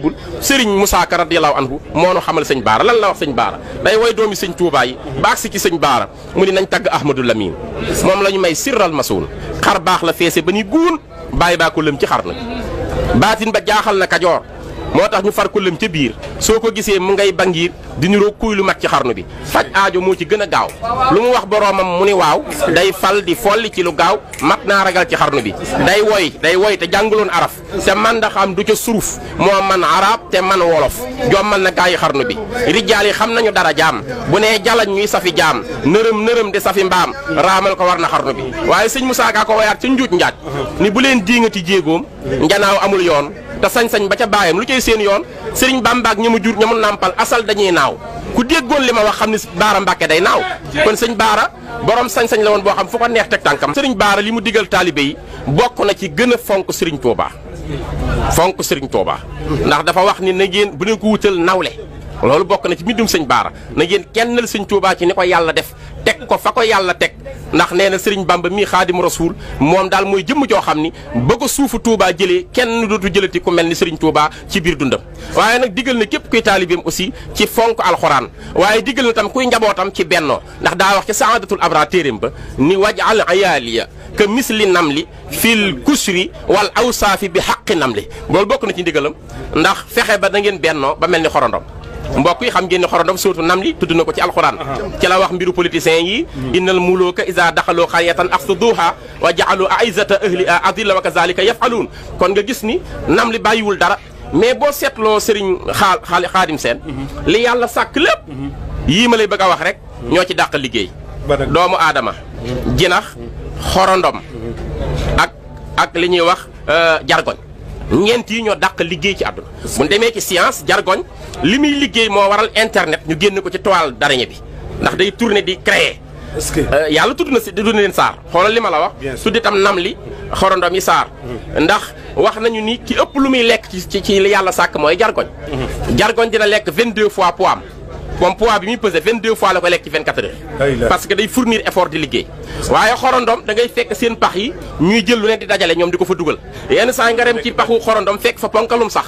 bul sëriñ Moussa Ka an anhu moo nu xamal sëñ baara lan la wax sëñ baara day woy doomi sëñ Tuubaa yi baax si ci sëñ baara mu ni nañ tagg Ahmadou Lamine moom la ñu may sirral masuun xar baax la feese ba ni guun bàyyi baa ko lëm ci xar nag baatin ba jaaxal na Kajoor motax ñu far ko lëm ci biir soko ko gisee mu ngay bangir di ro kuy lu mak ci xarnu bi faj aajo mo ci gëna gaaw lu mu wax boromam mu ni waaw day fal di folli ci lu gaaw mat na ragal ci xarnu bi day woy day woy te jangulon araf te man xam du ci suruf mo man arab te man wolof jommal na gaay xarnu bi rijaal yi xam nañu dara jam bu ne jalañ ñuy safi jam nërëm nërëm di safi mbam ramal ko war na xarnu bi waye seigne Moussa Ka ko wayat ci njuuj njaat ni bu len diingati jeegom njanaaw amul yoon te sañ-sañ ba ca baayam lu cay séen yoon sëriñ Bàmba ak ña mu ña mu nàmpal asal dañuy naaw ku déggoon li ma wax xam ni Baara Mbàkke day naaw kon sëñ Baara borom sañ-sañ la woon boo xam fu ko neex teg tànkam. sëriñ Baara li mu digal taalibe yi bokk na ci gën a fonk sëriñ Touba fonk sëriñ Touba ndax dafa wax ni na ngeen bu ne ko wutal nawle loolu bokk na ci mbindum sëñ Baara na ngeen kennal sëñ Touba ci ni ko yàlla def. tek ko fa ko yàlla tek ndax neena Serigne Bamba mi khadim rasoul mom dal moy jëm jo xamni bëgg suufu Touba jëlé kenn dootu jëlati ku melni Serigne Touba ci bir dundam. waye nak diggal na kep kuy talibem aussi ci fonk alxuraan waye diggal na tam kuy njabotam ci benno ndax da wax ci saadatul abra terim ba ni waj'al ayaliya ke misli namli fil kusri wal awsafi bi haqqi namli bol bok na ci diggalam ndax fexe ba da ngeen benno ba melni xorondom mbokk yi xam ngeen ne xorondom surtout nam li tudd na ko ci alxuraan ci la wax mbiru politiciens yi innal muluka isa daxaloo xaryatan afsaduha wa ja'alu a'izzata ahliha adilla wa kazalika yaf'alun kon nga gis ni nam li bàyyiwul dara mais boo seetloo sëriñ xaal xaal xaadim seen li yàlla sàkk lépp yii ma lay bëgg a wax rek ñoo ci dàq liggéey doomu aadama jinax xorondom ak ak li ñuy wax euh, jargoñ ñeent yi ñoo dàq liggéey ci àdduna bu demee ci science jargoñ li muy liggéey moo waral internet ñu génn ko ci toile d'araignée bi ndax day turne di créer est que euh, yàlla tudd na si tudd na leen saar xoolal li ma la wax. su tudd tam nam li xorondom yi saar. Mm-hmm. ndax wax nañu ni ki ëpp lu muy lekk ci ci li yàlla sàkk mooy jargoñ. Mm-hmm. jargoñ dina lekk 22 fois poids am On poids bi 22 fois le qui 24 heures. parce que day fournir effort di liggéey. waaye xorondom da ngay fekk nous pax yi ñuy jël lu di dajale ñoom di fa dugal yenn saa qui dem ci paxu xorondom fekk fa ponkalum sax.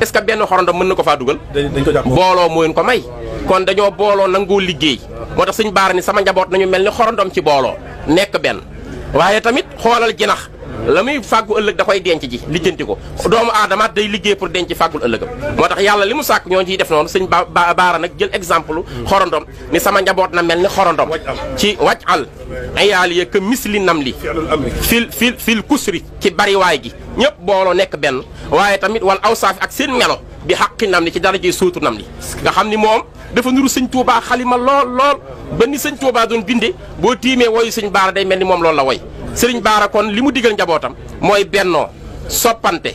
est-ce que nous xorondom mën na ko faa dugal. dañ ko le booloo mooy ko may. kon dañoo booloo nangoo liggéey. moo tax suñ sama le xorondom ci que tamit la muy fàggu ëllëg da koy denc ji lijjanti ko doomu aadama day liggéey pour denc fàggul ëllëgam moo tax yàlla li mu sàkk ñoo ciy def noonu sëñ ba baara nag jël exemple xorondom ni sama njaboot na mel ni xorondom ci wàcc al ayaal ya ka misli nam li fil fil fil kusri ci bariwaay gi ñëpp booloo nekk benn waaye tamit wal aw saafi ak seen melo bi xaqi nam li ci daraje suutu nam li nga xam ni moom dafa nuru sëñ Tuubaa xalima lool lool ba ni sëñ Tuubaa doon binde boo tiimee woyu sëñ baara day mel ni moom loolu la woy sëriñ Baara kon li mu digal njabootam mooy bennoo soppante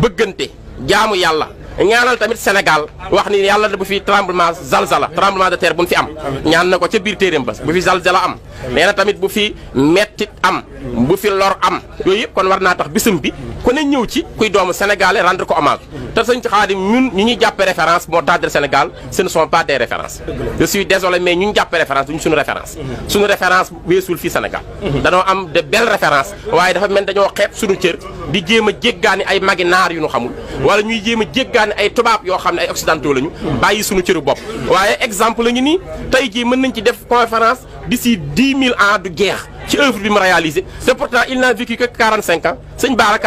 bëggante jaamu yàlla ñaanal tamit Sénégal wax ni yàlla bu fi tremblement zalzala tremblement de terre bu fi am ñaan ko ca biir téeréem ba bu fi zalzala am nee na tamit bu fi mettit am bu fi lor am yooyu yëpp kon war naa tax bisum bi ku ne ñëw ci kuy doomu sénégalais rendre ko hommage te sëñ Xaadim ñun ñu ñuy jàppe référence moo tardé Sénégal ce ne sont pas des références je suis désolé mais ñu ñu jàppe référence duñu suñu référence suñu référence weesul fii Sénégal dañoo am de belles références waaye dafa mel dañoo xeeb suñu di jéem a jéggaani ay magi naar yu ñu xamul wala ñuy jéem a jéggaani ay tubaab yoo xam ne ay occidentaux lañu bàyyi suñu cëru bopp waaye exemple la ñu nii tey jii mën nañ ci def conférence d'ici dix mille ans du guerre ci œuvre bi mu réalisé te pourtant il n'a vécu que 45 ans sëñ Baara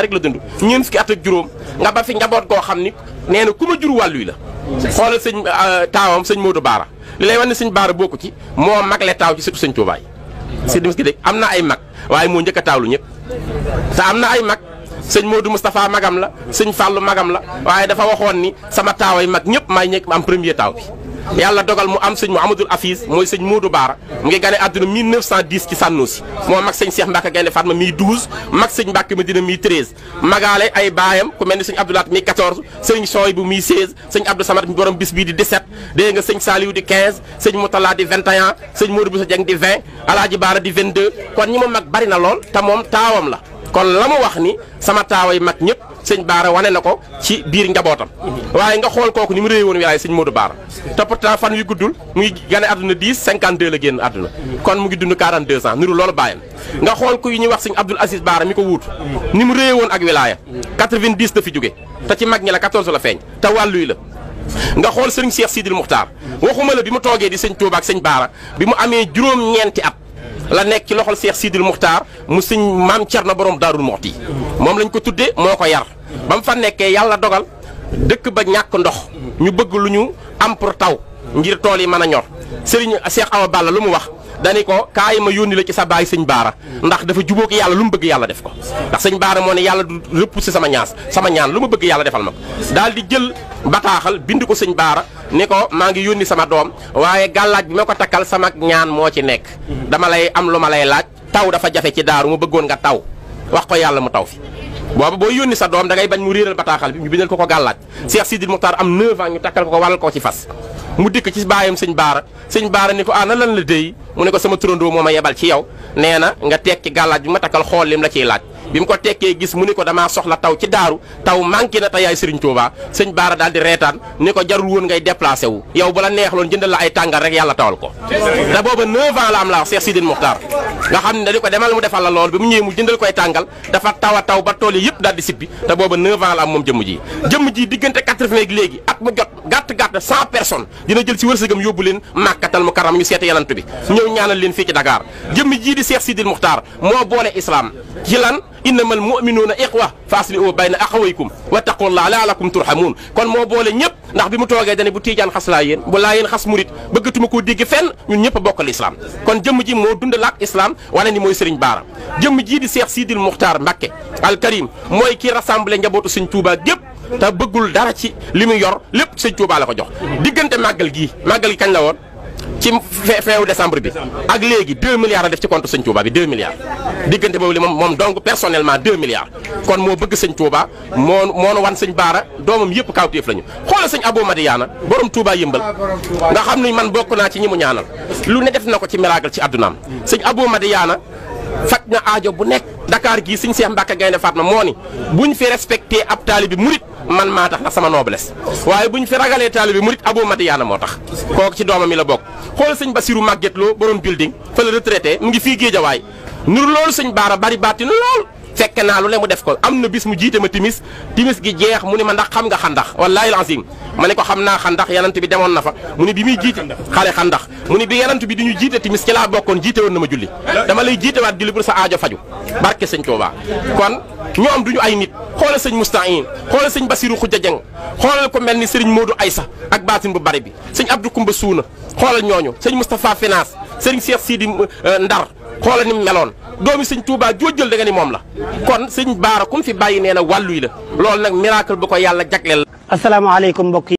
rek la dund ñeent fukki at ak juróom nga ba fi njaboot goo xam ni nee na ku ma jur wàllu yi la. xoolal sëñ euh, taawam sëñ Modou Baara li lay wan ne sëñ Baara bokku ci moo mag le taaw ci surtout sëñ Touba yi. am na ay mag waaye moo njëkk a ñëpp. te am na ay mag sëñ Modou Moustapha magam la sëñ Fallou magam la waaye dafa waxoon ni sama taaway mag ñëpp may ñekk am premier taaw bi. yàlla dogal mu am sëñ Mouhamadul Afis mooy sëñ Modou Baara mu ngi gane àdduna 1910 ci Sànnoosi moo mag sëñ Cheikh Mbacke Gaynde Fatma mii mag sëñ Mbacke Medina mii magaale ay baayam ku mel ni sëñ Abdoulaat mii 14 sëñ Sooy bu mii 16 sëñ Abdou Samad mi borom bis bii di 17 dégg nga sëñ Saliou di 15 sëñ Moutala di sëñ Modou Boussa Dieng di Alaaji Baara di kon ñi ma mag bari na lool te moom taawam la kon la mu wax ni sama taaway mag ñëpp sëñ Baara wane na ko ci biir njabootam waaye nga xool kooku ni mu réy woon wilaay sëñ Modou Baara te pourtant fan wi guddul mu ngi gane àdduna 10 52 la génn àdduna kon mu ngi dund 42 ans niru loolu bàyyam nga xool ku ñu wax sëñ Abdoul Aziz Baara mi ko wuutu ni mu réy woon ak wilaaya 90 da fi jóge te ci mag ñi la 14 la feeñ te wàlluy la nga xool sëriñ Cheikh Sidil Muxtaar waxuma la bi mu toogee di sëñ Touba ak sëñ Baara bi mu amee juróom-ñeenti at la nekk ci loxol Seex Sidil Muxtaar mu sëñ maam Cerno borom Daarul Muxti moom lañ ko tudde moo ko yar ba mu fa nekkee yàlla dogal dëkk ba ñàkk ndox ñu bëgg lu ñu am pour taw ngir tool yi mën a ñor sëriñ Seex Awa Balla lu mu wax dani ko kaay ma yónni la ci sa baay sëñ Baara ndax dafa jubóog yàlla lu mu bëgg yàlla def ko ndax sëñ Baara moo ne yàlla du repousser sama ñaas sama ñaan lu mu bëgg yàlla defal ma ko daal jël bataxal bind ko seigne mangi ne ko maa ngi sama dom waye galaj bi mako takal sama ñaan mo ci nek dama lay am luma lay laaj taw dafa jafe ci daaru mu bëggoon nga taw wax ko yalla mu taw fi bo boo yoni sa dom da ngay bañ mu réeral bataxal bi ñu bindal ko ko galaj Cheikh sidid Mokhtar am 9 ans ñu takal ko ko ko ci fas mu dik ci bayam seigne bara seigne bara ni ko ah na lan la déy mu ne ko sama moma yebal ci yow neena nga ci bi ma takal xol lim la ci laaj bim ko tekke gis mu ni ko dama soxla taw ci daru taw manki na tayay Serigne Touba serigne bara daal di reetaan ni ko jarul won ngay déplacer wu yow bu la lon jëndal la ay tangal rek yalla tawal ko da bobu 9 ans la am la Cheikh Sidine Mokhtar nga xam ne ko demal mu defal la lol bimu ñew mu jëndal ko ay tangal dafa taw taw ba tool yi yëpp daal di sibbi te bobu 9 ans la am mom jëm ji jëm ji digënte 80 ak légui at mu jot gàtt-gàtt 100 personnes dina jël ci wërsegam yóbbu leen màkkatal mu karam ñu seete yanantu bi ñëw ñaanal leen fi ci Dakar jëm ji di Cheikh Sidine Mokhtar mo boole islam ci lan انما المؤمنون اخوه فاصلحوا بين اخويكم واتقوا الله لعلكم ترحمون كون مو بولي نيب ناخ بيمو توغي داني بو تيجان خاص لا يين بو لا يين خاص موريت بغتوما كو ديغي فن نون نييب الاسلام كون جيم جي مو دوند لاك اسلام واني موي سيرن بارا جيم جي دي شيخ سيدي المختار مكه الكريم موي كي راسامبل نجابوتو سيرن توبا جيب تا بغول دارا سي ليمي يور ليب سيرن توبا لاكو جوخ ديغنت ماغال جي ماغال كان لا ci feewu décembre bi ak léegi 2 milliards a def ci compte sëñ Touba bi 2 milliards diggante boobu li moom moom donc personnellement 2 milliards kon moo bëgg sëñ Touba moo moonu wan sëñ Baara doomam yëpp kaawteef lañu xoolal sëñ Abou Madiana borom Touba yëmbal nga xam ni man bokk naa ci ñi mu ñaanal lu ne def na ko ci miracle ci addunaam sëñ Abou Madiana faj na aajo bu nekk Dakar gii sëñ Cheikh Mbacke Gaynde Fatma moo ni buñ fi respecté ab taalibi murit man maa tax ndax sama noblesse waaye bu ñu fi ragalee taalibe murit aboo madiyaana moo tax kooku ci doomam yi la bokk xool sëñ ba siru màggetloo borom building fa la retraité mu ngi fii Géejawaay nur loolu sëñ Baara bari bàtti na lool fekke naa lu le mu def ko am na bis mu jiite ma timis timis gi jeex mu ne ma ndax xam nga xandax wallaahi lazim ma ne ko xam naa xandax yanant bi demoon na fa mu ne bi muy jiite xale xandax mu ne bi yanant bi di ñu jiite timis ci laa bokkoon jiite na ma julli dama lay julli pour sa faju barke sëñ Tuuba kon ñoom duñu ay nit xoolal sëñ Moustahin xoolal sëñ Basiru Xuja Jeng xoolal ko mel ni sëriñ Moodu ak baatin bu bari bi sëñ Abdou Kumba Suuna xoolal ñooñu sëñ Moustapha Finance sëriñ Cheikh Sidi euh, Ndar xoolal ni melon. domi doomi sëñ Touba joo jël da nga ni moom la kon sëñ Baara fi bàyyi nee na yi la miracle bu ko yàlla jagleel السلام عليكم بكي